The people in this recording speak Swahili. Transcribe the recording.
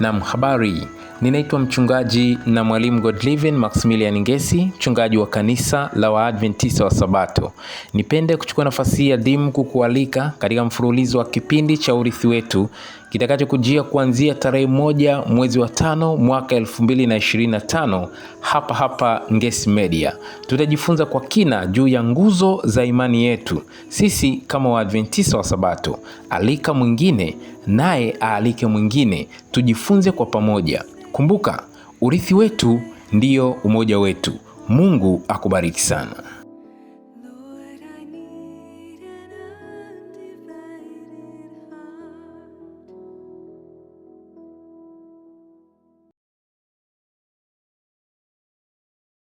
Nam, habari. Ninaitwa mchungaji na mwalimu Godlivin Maximilian Ngesi, mchungaji wa kanisa la Waadventista wa Sabato. Nipende kuchukua nafasi hii adhimu kukualika katika mfululizo wa kipindi cha urithi wetu kitakachokujia kuanzia tarehe moja mwezi wa tano mwaka tano hapa hapa Ngesi Media. Tutajifunza kwa kina juu ya nguzo za imani yetu sisi kama Waadventista wa Sabato. Alika mwingine naye aalike mwingine, tujifunze kwa pamoja. Kumbuka, urithi wetu ndiyo umoja wetu. Mungu akubariki sana.